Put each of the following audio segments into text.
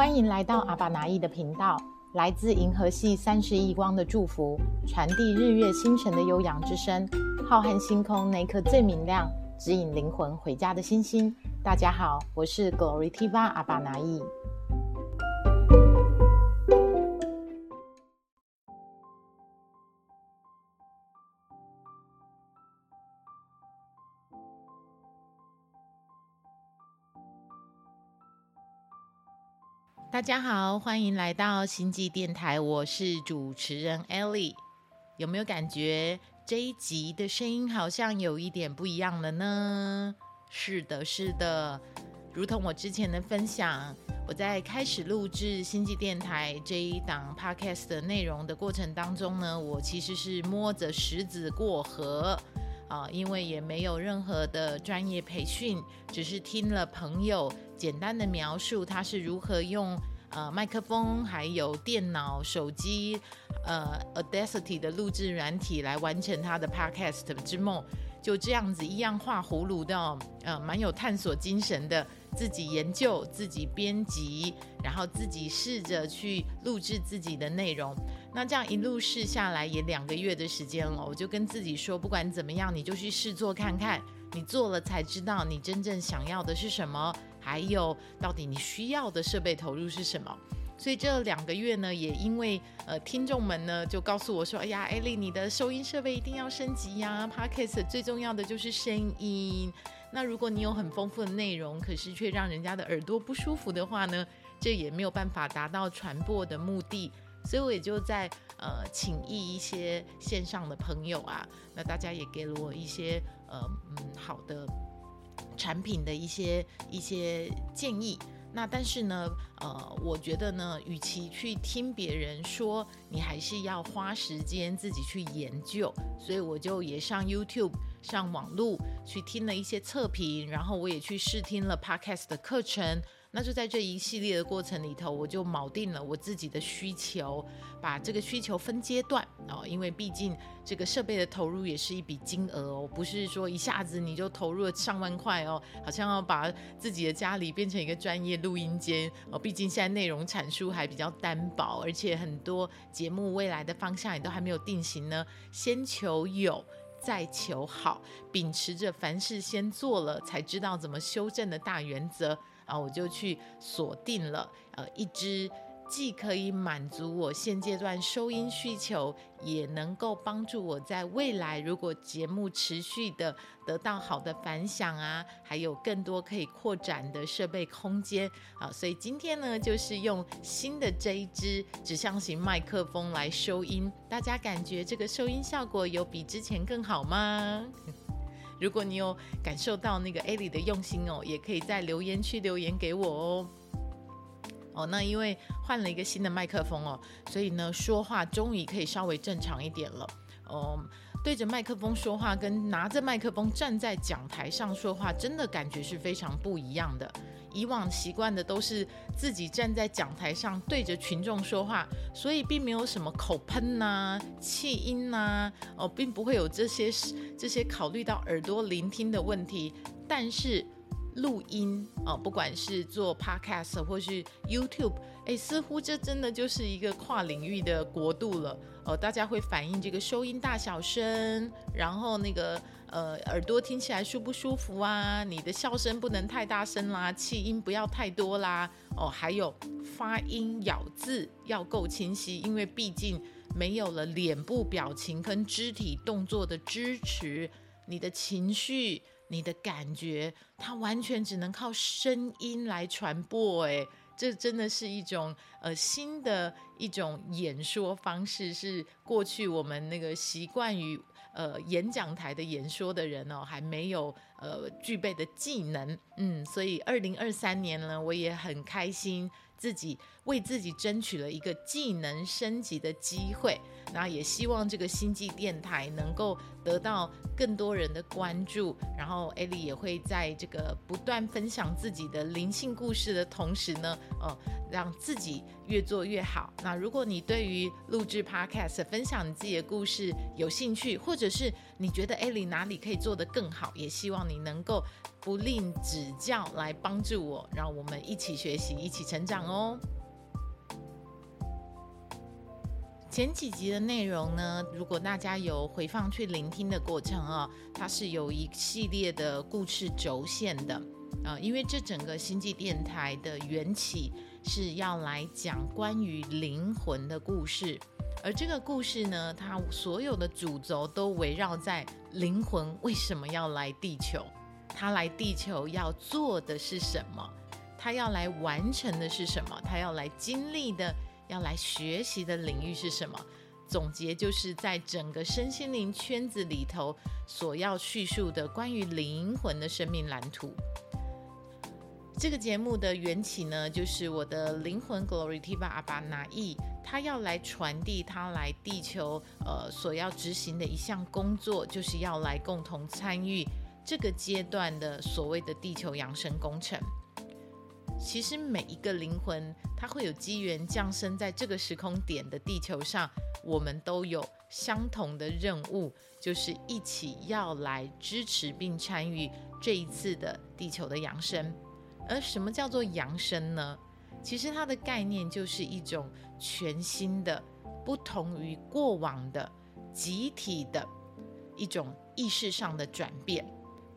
歡迎來到阿巴拿意的頻道，來自銀河系三十億光的祝福，傳遞日月星辰的悠揚之聲，浩瀚星空那顆最明亮，指引靈魂回家的星星。大家好，我是 Glorytiva 阿巴拿意。大家好，歡迎來到星際電台，我是主持人 Ellie。有沒有感覺這一集的聲音好像有一點不一樣了呢？是的，是的，如同我之前的分享，我在開始錄制星際電台這一檔 Podcast 的內容的過程當中呢，我其實是摸着石子過河。啊，因為也沒有任何的專業培訓，只是聽了朋友簡單的描述，他是如何用呃麥克風、還有電腦、手機、呃 Audacity 的錄製軟體來完成他的 Podcast 之夢，就這樣子依樣畫葫蘆的，呃，蠻有探索精神的，自己研究、自己編輯，然後自己試着去錄製自己的內容。那這樣一路試下來也兩個月的時間了，我就跟自己說，不管怎麼樣，你就去試做看看，你做了才知道你真正想要的是什麼，還有到底你需要的設備投入是什麼。所以這兩個月呢，也因為呃聽眾們呢就告訴我說，哎呀，Ellie，你的收音設備一定要升級呀。Podcast 最重要的就是聲音，那如果你有很豐富的內容，可是卻讓人家的耳朵不舒服的話呢，這也沒有辦法達到傳播的目的。所以我也就在呃，請益一些線上的朋友啊，那大家也給了我一些呃嗯好的產品的一些一些建議。那但是呢，呃，我覺得呢，與其去聽別人說，你還是要花時間自己去研究。所以我就也上 YouTube 上網絡去聽了一些測評，然後我也去試聽了 Podcast 的課程。那就在這一系列的過程裡頭，我就錨定了我自己的需求，把這個需求分階段哦，因為畢竟這個設備的投入也是一筆金額哦，不是說一下子你就投入了上萬塊哦，好像要、哦、把自己的家裡變成一個專業錄音間哦。畢竟現在內容產出還比較單薄，而且很多節目未來的方向也都還沒有定型呢，先求有再求好，秉持着凡事先做了才知道怎麼修正的大原則。啊，我就去鎖定了呃一支，既可以滿足我現階段收音需求，也能夠幫助我在未來，如果節目持續的得到好的反響啊，還有更多可以擴展的設備空間啊。所以今天呢，就是用新的這一支指向型麥克風來收音，大家感覺這個收音效果有比之前更好嗎？如果你有感受到那個 Ellie 的用心哦，也可以在留言區留言給我哦。哦，那因為換了一個新的麥克風哦，所以呢說話終於可以稍微正常一點了。哦，對着麥克風說話跟拿着麥克風站在講台上說話，真的感覺是非常不一樣的。以往習慣的都是自己站在講台上對着群眾說話，所以並沒有什麼口噴吶、氣音吶，哦，並不會有這些這些考慮到耳朵聆聽的問題。但是錄音，哦，不管是做 Podcast 或是 YouTube。欸，似乎這真的就是一個跨領域的國度了哦。大家會反映這個收音大小聲，然後那個呃耳朵聽起來舒不舒服啊？你的笑聲不能太大聲啦，氣音不要太多啦。哦，還有發音咬字要夠清晰，因為畢竟沒有了臉部表情跟肢體動作的支持，你的情緒、你的感覺，它完全只能靠聲音來傳播，欸。這真的是一種呃新的一種演說方式，是過去我們那個習慣於呃演講台的演說的人哦，還沒有呃具備的技能。嗯，所以二零二三年呢，我也很開心自己為自己爭取了一個技能升級的機會，那也希望這個星際電台能夠。得到更多人的關注，然後 Ellie 也會在這個不斷分享自己的靈性故事的同時呢，哦、呃，讓自己越做越好。那如果你對於錄製 podcast、分享你自己的故事有興趣，或者是你覺得 Ellie 哪裡可以做得更好，也希望你能夠不吝指教來幫助我，讓我們一起學習，一起成長哦。前幾集的內容呢，如果大家有回放去聆聽的過程啊，它是有一系列的故事軸線的啊，呃，因為這整個星際電台的緣起是要來講關於靈魂的故事，而這個故事呢，它所有的主軸都圍繞在靈魂為什麼要來地球，它來地球要做的是什麼，它要來完成的是什麼，它要來經歷的。要來學習的領域是什麼？總結就是在整個身心靈圈子裡頭所要敘述的關於靈魂的生命藍圖。這個節目的緣起呢，就是我的靈魂 Glory Tiva 阿巴拿意，他要來傳遞他來地球呃所要執行的一項工作，就是要來共同參與這個階段的所謂的地球揚升工程。其實每一個靈魂，它會有機緣降生在這個時空點的地球上，我們都有相同的任務，就是一起要來支持並參與這一次的地球的揚升。而什麼叫做揚升呢？其實它的概念就是一種全新的、不同於過往的集體的一種意識上的轉變。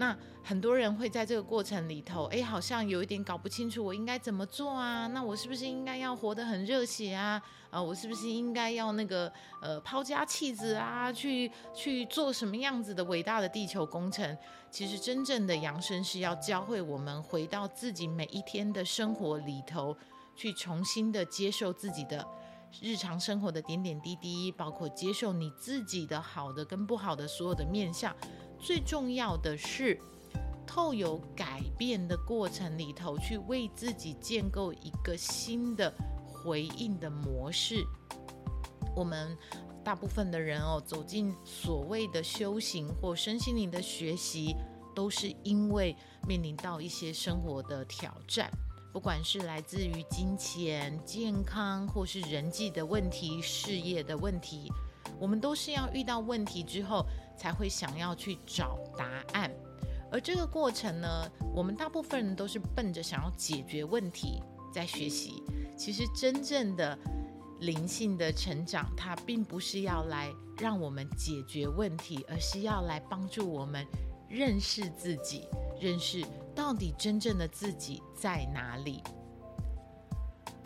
那很多人會在這個過程裡頭，哎，好像有一點搞不清楚我應該怎麼做啊？那我是不是應該要活得很熱血啊？啊，我是不是應該要那個呃拋家棄子啊，去去做什麼樣子的偉大的地球工程？其實真正的揚升是要教會我們回到自己每一天的生活裡頭，去重新的接受自己的日常生活的點點滴滴，包括接受你自己的好的跟不好的所有的面相。最重要的是，透過改變的過程裡頭，去為自己建構一個新的回應的模式。我們大部分的人哦，走進所謂的修行或身心靈的學習，都是因為面臨到一些生活的挑戰，不管是來自於金錢、健康或是人際的問題、事業的問題。我們都是要遇到問題之後，才會想要去找答案，而這個過程呢，我們大部分人都是奔着想要解決問題在學習。其實真正的靈性的成長，它並不是要來讓我們解決問題，而是要來幫助我們認識自己，認識到底真正的自己在哪裡。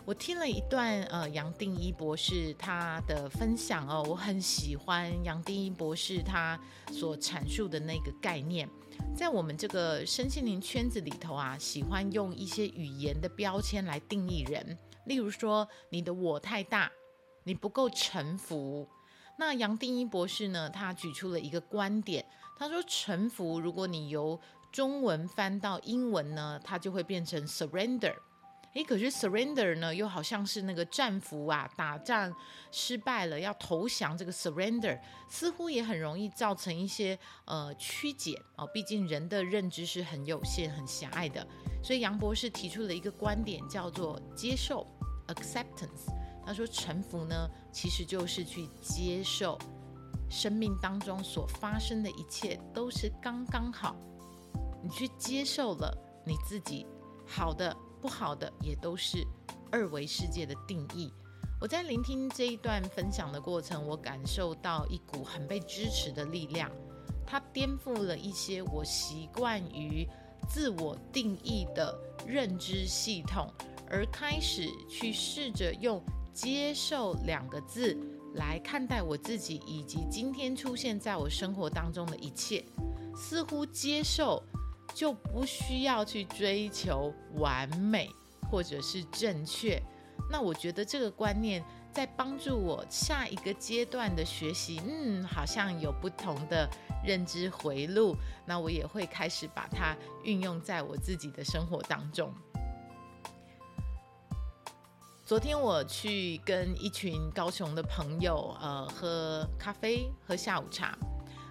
我聽了一段呃楊定一博士他的分享哦，我很喜歡楊定一博士他所闡述的那個概念，在我們這個身心靈圈子裡頭啊，喜歡用一些語言的標籤來定義人，例如說你的我太大，你不夠臣服。那楊定一博士呢，他舉出了一個觀點，他說臣服，如果你由中文翻到英文呢，它就會變成 surrender。哎，可是 surrender 呢，又好像是那個戰俘啊，打仗失敗了要投降，這個 surrender 似乎也很容易造成一些呃曲解哦，畢竟人的認知是很有限、很狹隘的，所以楊博士提出了一個觀點，叫做接受 （acceptance）。他說，臣服呢，其實就是去接受生命當中所發生的一切都是剛剛好，你去接受了你自己好的。不好的也都是二維世界的定義。我在聆聽這一段分享的過程，我感受到一股很被支持的力量，它顛覆了一些我習慣於自我定義的認知系統，而開始去試着用“接受”兩個字來看待我自己以及今天出現在我生活當中的一切。似乎接受。就不需要去追求完美或者是正確。那我覺得這個觀念在幫助我下一個階段的學習，嗯，好像有不同的認知回路。那我也會開始把它運用在我自己的生活當中。昨天我去跟一群高雄的朋友，呃，喝咖啡，喝下午茶。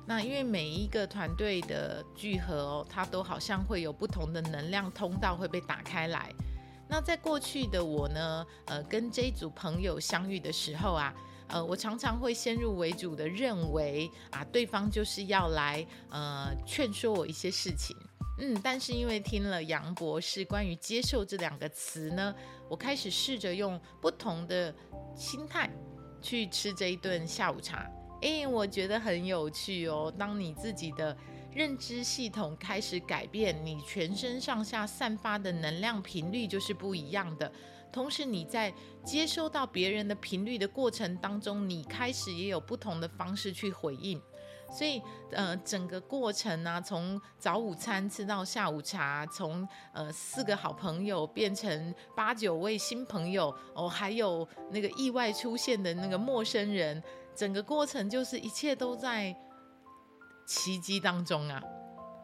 那因為每一個團隊的聚合哦，它都好像會有不同的能量通道會被打開來。那在過去的我呢，呃，跟這一組朋友相遇的時候啊，呃，我常常會先入為主的認為啊，對方就是要來呃勸說我一些事情。嗯，但是因為聽了楊博士關於接受這兩個詞呢，我開始試着用不同的心態去吃這一頓下午茶。哎、欸，我覺得很有趣哦。當你自己的認知系統開始改變，你全身上下散發的能量頻率就是不一樣的。同時，你在接收到別人的頻率的過程當中，你開始也有不同的方式去回應。所以，呃，整個過程呢、啊，從早午餐吃到下午茶，從呃四個好朋友變成八九位新朋友，哦，還有那個意外出現的那個陌生人。整個過程就是一切都在奇蹟當中啊，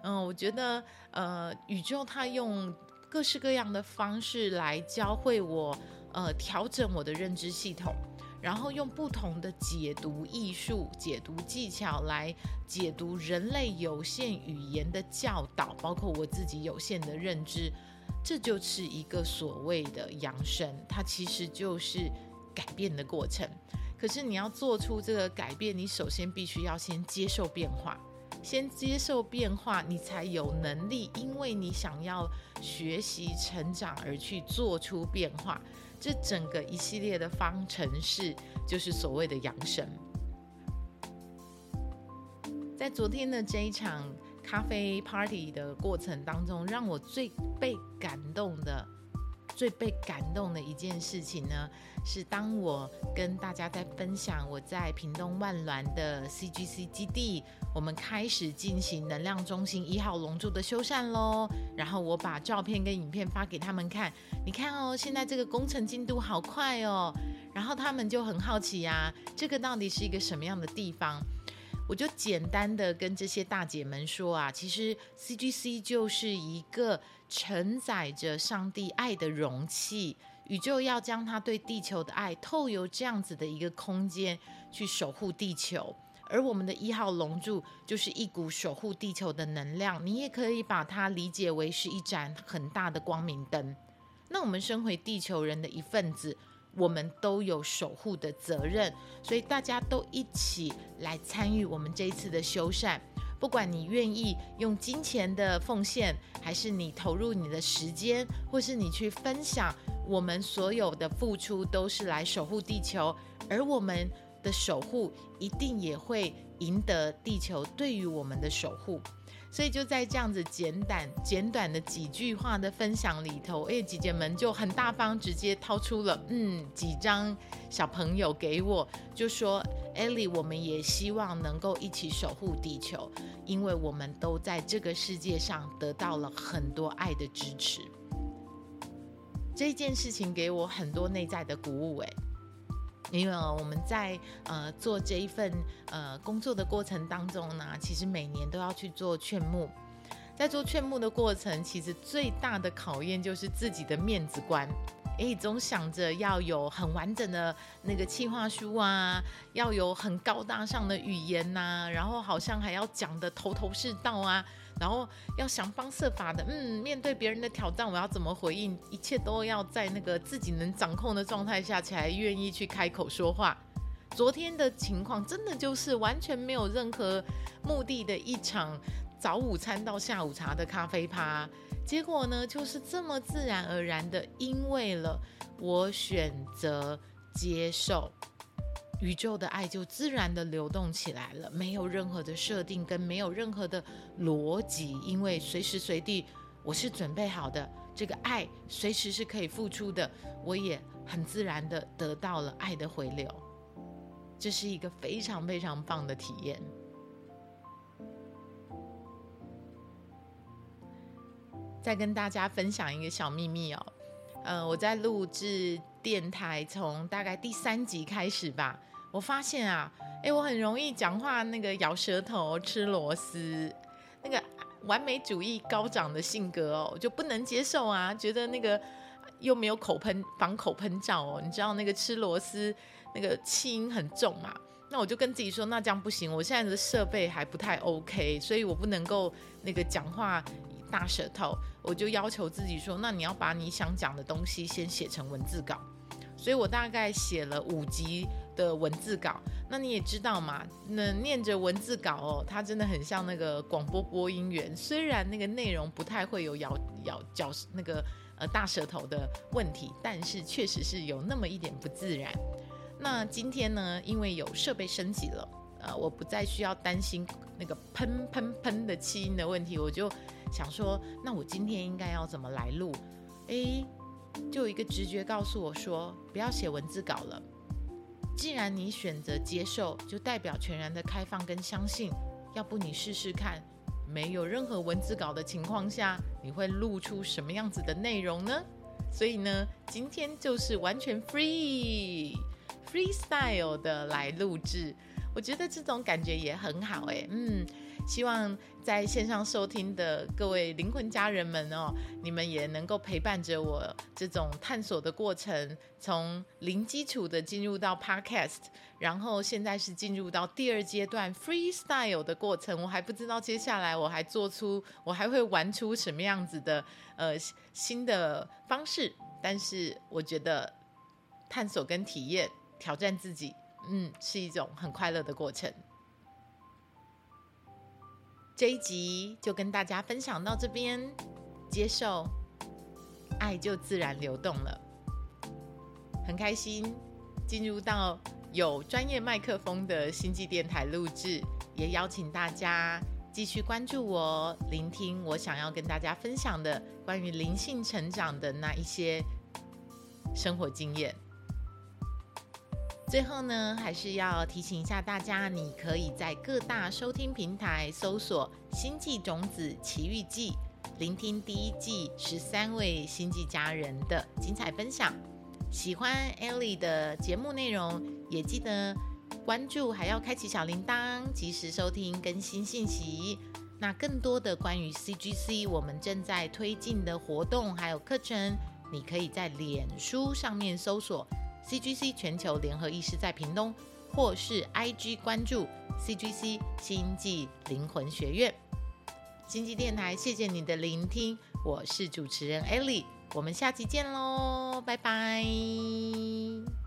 嗯，我覺得呃，宇宙它用各式各樣的方式來教會我，呃，調整我的認知系統，然後用不同的解讀藝術、解讀技巧來解讀人類有限語言的教導，包括我自己有限的認知，這就是一個所謂的揚升，它其實就是改變的過程。可是你要做出這個改變，你首先必須要先接受變化，先接受變化，你才有能力，因為你想要學習成長而去做出變化。這整個一系列的方程式就是所謂的「養生」。在昨天的這一場咖啡 party 的過程當中，讓我最被感動的。最被感動的一件事情呢，是當我跟大家在分享我在屏東萬巒的 CGC 基地，我們開始進行能量中心一號龍柱的修繕嘍。然後我把照片跟影片發給他們看，你看哦，現在這個工程進度好快哦。然後他們就很好奇呀，這個到底是一個什麼樣的地方？我就簡單的跟這些大姐們說啊，其實 CGC 就是一個承載着上帝愛的容器，宇宙要將它對地球的愛透由這樣子的一個空間去守護地球，而我們的一號龍柱就是一股守護地球的能量，你也可以把它理解為是一盞很大的光明燈。那我們身為地球人的一份子。我們都有守護的責任，所以大家都一起來參與我們這一次的修繕。不管你願意用金錢的奉獻，還是你投入你的時間，或是你去分享，我們所有的付出都是來守護地球，而我們的守護一定也會贏得地球對於我們的守護。所以就在這樣子簡短、簡短的幾句話的分享裡頭，哎、欸，姐姐們就很大方，直接掏出了嗯幾張小朋友給我，就說：“Ellie，我們也希望能夠一起守護地球，因為我們都在這個世界上得到了很多愛的支持。”這件事情給我很多內在的鼓舞、欸，哎。因為我們在呃做這一份呃工作的過程當中呢，其實每年都要去做勸募，在做勸募的過程，其實最大的考驗就是自己的面子觀，哎，總想着要有很完整的那個計劃書啊，要有很高大上的語言吶、啊，然後好像還要講得頭頭是道啊。然後要想方設法的，嗯，面對別人的挑戰，我要怎麼回應？一切都要在那個自己能掌控的狀態下，才願意去開口說話。昨天的情況真的就是完全沒有任何目的的一場早午餐到下午茶的咖啡趴，結果呢，就是這麼自然而然的，因為了我選擇接受。宇宙的愛就自然的流動起來了，沒有任何的設定跟沒有任何的邏輯，因為隨時隨地我是準備好的，這個愛隨時是可以付出的，我也很自然的得到了愛的回流，這是一個非常非常棒的體驗。再跟大家分享一個小秘密哦，呃，我在錄制電台從大概第三集開始吧。我發現啊，誒，我很容易講話，那個咬舌頭、吃螺絲，那個完美主義高漲的性格哦，我就不能接受啊，覺得那個又沒有口噴防口噴罩哦，你知道那個吃螺絲那個氣音很重嘛，那我就跟自己說，那這樣不行，我現在的設備還不太 OK，所以我不能夠那個講話大舌頭，我就要求自己說，那你要把你想講的東西先寫成文字稿。所以我大概寫了五集的文字稿，那你也知道嘛，那念着文字稿哦，它真的很像那個廣播播音員，雖然那個內容不太會有咬咬腳那個呃大舌頭的問題，但是確實是有那麼一點不自然。那今天呢，因為有設備升級了，呃，我不再需要擔心那個噴噴噴的氣音的問題，我就想說，那我今天應該要怎麼來錄？誒。就有一個直覺告訴我說，不要寫文字稿了。既然你選擇接受，就代表全然的開放跟相信。要不你試試看，沒有任何文字稿的情況下，你會錄出什麼樣子的內容呢？所以呢，今天就是完全 free free style 的來錄制，我覺得這種感覺也很好誒、欸。嗯。希望在線上收聽的各位靈魂家人們哦，你們也能夠陪伴着我這種探索的過程，從零基礎的進入到 Podcast，然後現在是進入到第二階段 Freestyle 的過程。我還不知道接下來我還做出，我還會玩出什麼樣子的呃新的方式。但是我覺得探索跟體驗、挑戰自己，嗯，是一種很快樂的過程。這一集就跟大家分享到這邊，接受愛就自然流動了。很開心進入到有專業麥克風的星際電台錄制，也邀請大家繼續關注我，聆聽我想要跟大家分享的關於靈性成長的那一些生活經驗。最後呢，還是要提醒一下大家，你可以在各大收聽平台搜索《星際種子奇遇記》，聆聽第一季十三位星際家人的精彩分享。喜歡 Ellie 的節目內容，也記得關注，還要開啟小鈴鐺，及時收聽更新信息。那更多的關於 CGC 我們正在推進的活動還有課程，你可以在臉書上面搜索。C G C 全球聯合意識在屏東，或是 I G 關注 C G C 星際靈魂學院星際電台。謝謝你的聆聽，我是主持人艾莉，我們下期見嘍，拜拜。